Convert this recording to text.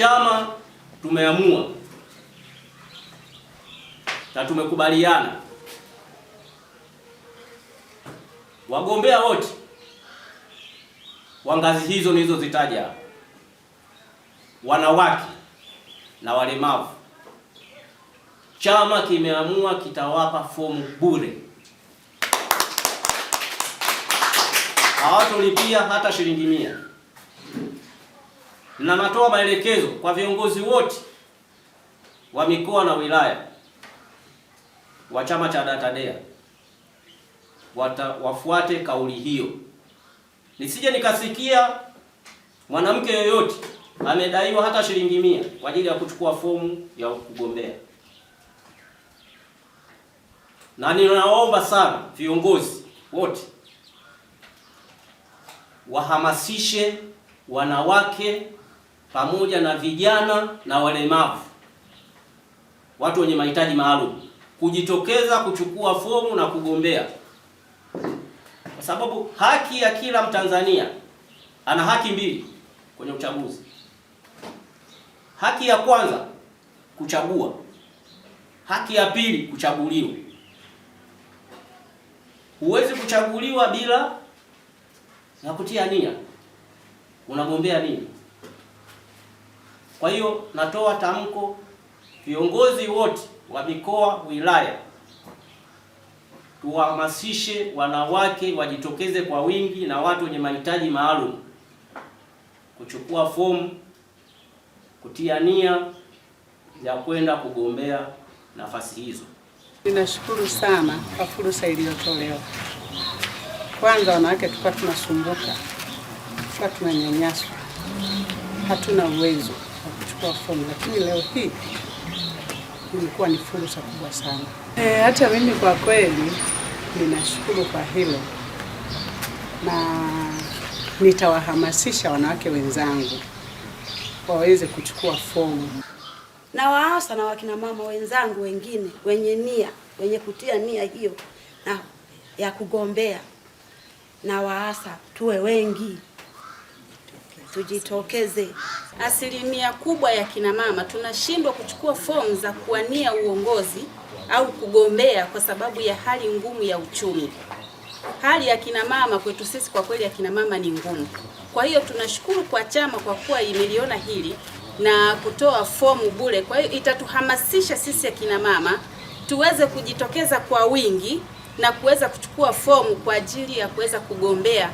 chama tumeamua na tumekubaliana wagombea wote wa ngazi hizo nilizozitaja wanawake na walemavu, chama kimeamua kitawapa fomu bure, hawatolipia hata shilingi mia natoa maelekezo kwa viongozi wote wa mikoa na wilaya wa chama cha Datadea wata, wafuate kauli hiyo, nisije nikasikia mwanamke yoyote amedaiwa hata shilingi mia kwa ajili ya kuchukua fomu ya kugombea. Na ninaomba sana viongozi wote wahamasishe wanawake pamoja na vijana na walemavu, watu wenye mahitaji maalum kujitokeza kuchukua fomu na kugombea, kwa sababu haki ya kila Mtanzania ana haki mbili kwenye uchaguzi. Haki ya kwanza kuchagua, haki ya pili kuchaguliwa. Huwezi kuchaguliwa bila ya kutia nia. Unagombea nini? Kwa hiyo natoa tamko, viongozi wote wa mikoa, wilaya, tuwahamasishe wanawake wajitokeze kwa wingi na watu wenye mahitaji maalum kuchukua fomu, kutia nia ya kwenda kugombea nafasi hizo. Ninashukuru sana kwa fursa iliyotolewa. Kwanza wanawake tulikuwa tunasumbuka, tulikuwa tunanyanyaswa, hatuna uwezo kuchukua fomu, lakini leo hii ilikuwa ni fursa kubwa sana. E, hata mimi kwa kweli ninashukuru kwa hilo na nitawahamasisha wanawake wenzangu waweze kuchukua fomu na waasa na wakina mama wenzangu wengine wenye nia wenye kutia nia hiyo na ya kugombea na waasa tuwe wengi tujitokeze. Asilimia kubwa ya kinamama tunashindwa kuchukua fomu za kuwania uongozi au kugombea kwa sababu ya hali ngumu ya uchumi. Hali ya kinamama kwetu sisi kwa kweli, akinamama ni ngumu. Kwa hiyo tunashukuru kwa chama kwa kuwa imeliona hili na kutoa fomu bure. Kwa hiyo itatuhamasisha sisi ya mama tuweze kujitokeza kwa wingi na kuweza kuchukua fomu kwa ajili ya kuweza kugombea